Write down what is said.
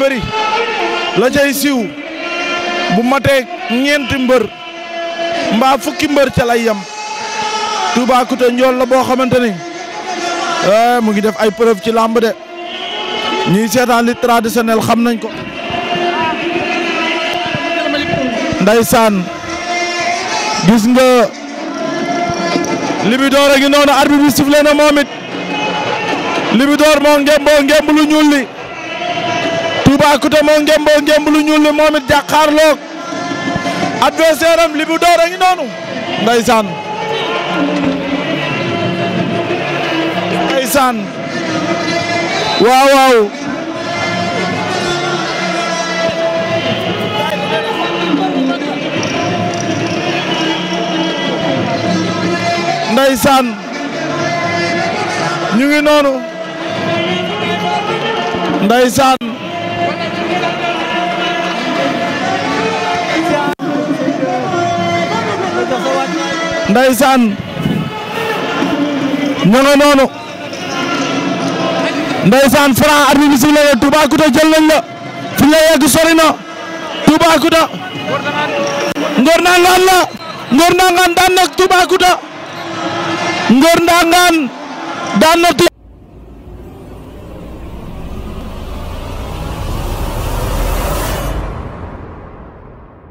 bëri la cay siiw bu matee ñeenti mbër mbaa fukki mbër ca lay yem Toubacouta njool la boo xamante ni eh, mu ngi def ay preuve ci làmb de ñuy seetaan li traditionnel xam nañ ko ndaysaan gis nga Libidoor a ngi noonu arbitre bi siflé na Libidoor moo ngemb lu ñuul li Toubacouta moo ngemboo ngemb lu ñuul li moom it jàkkaarloog adversaire am Libou Dor a ngi noonu ndeysaan ndeysaan waaw waaw ndeysaan ñu ngi noonu ndeysaan Ndeysaan ñu nga noonu Ndeysaan Franc arbitre bi sifflé na Toubacouta jël nañ la fi nga yegg sori na Toubacouta Ngor Ndangaan la Ngor Ndangaan daan na Toubacouta Ngor Ndangaan daan na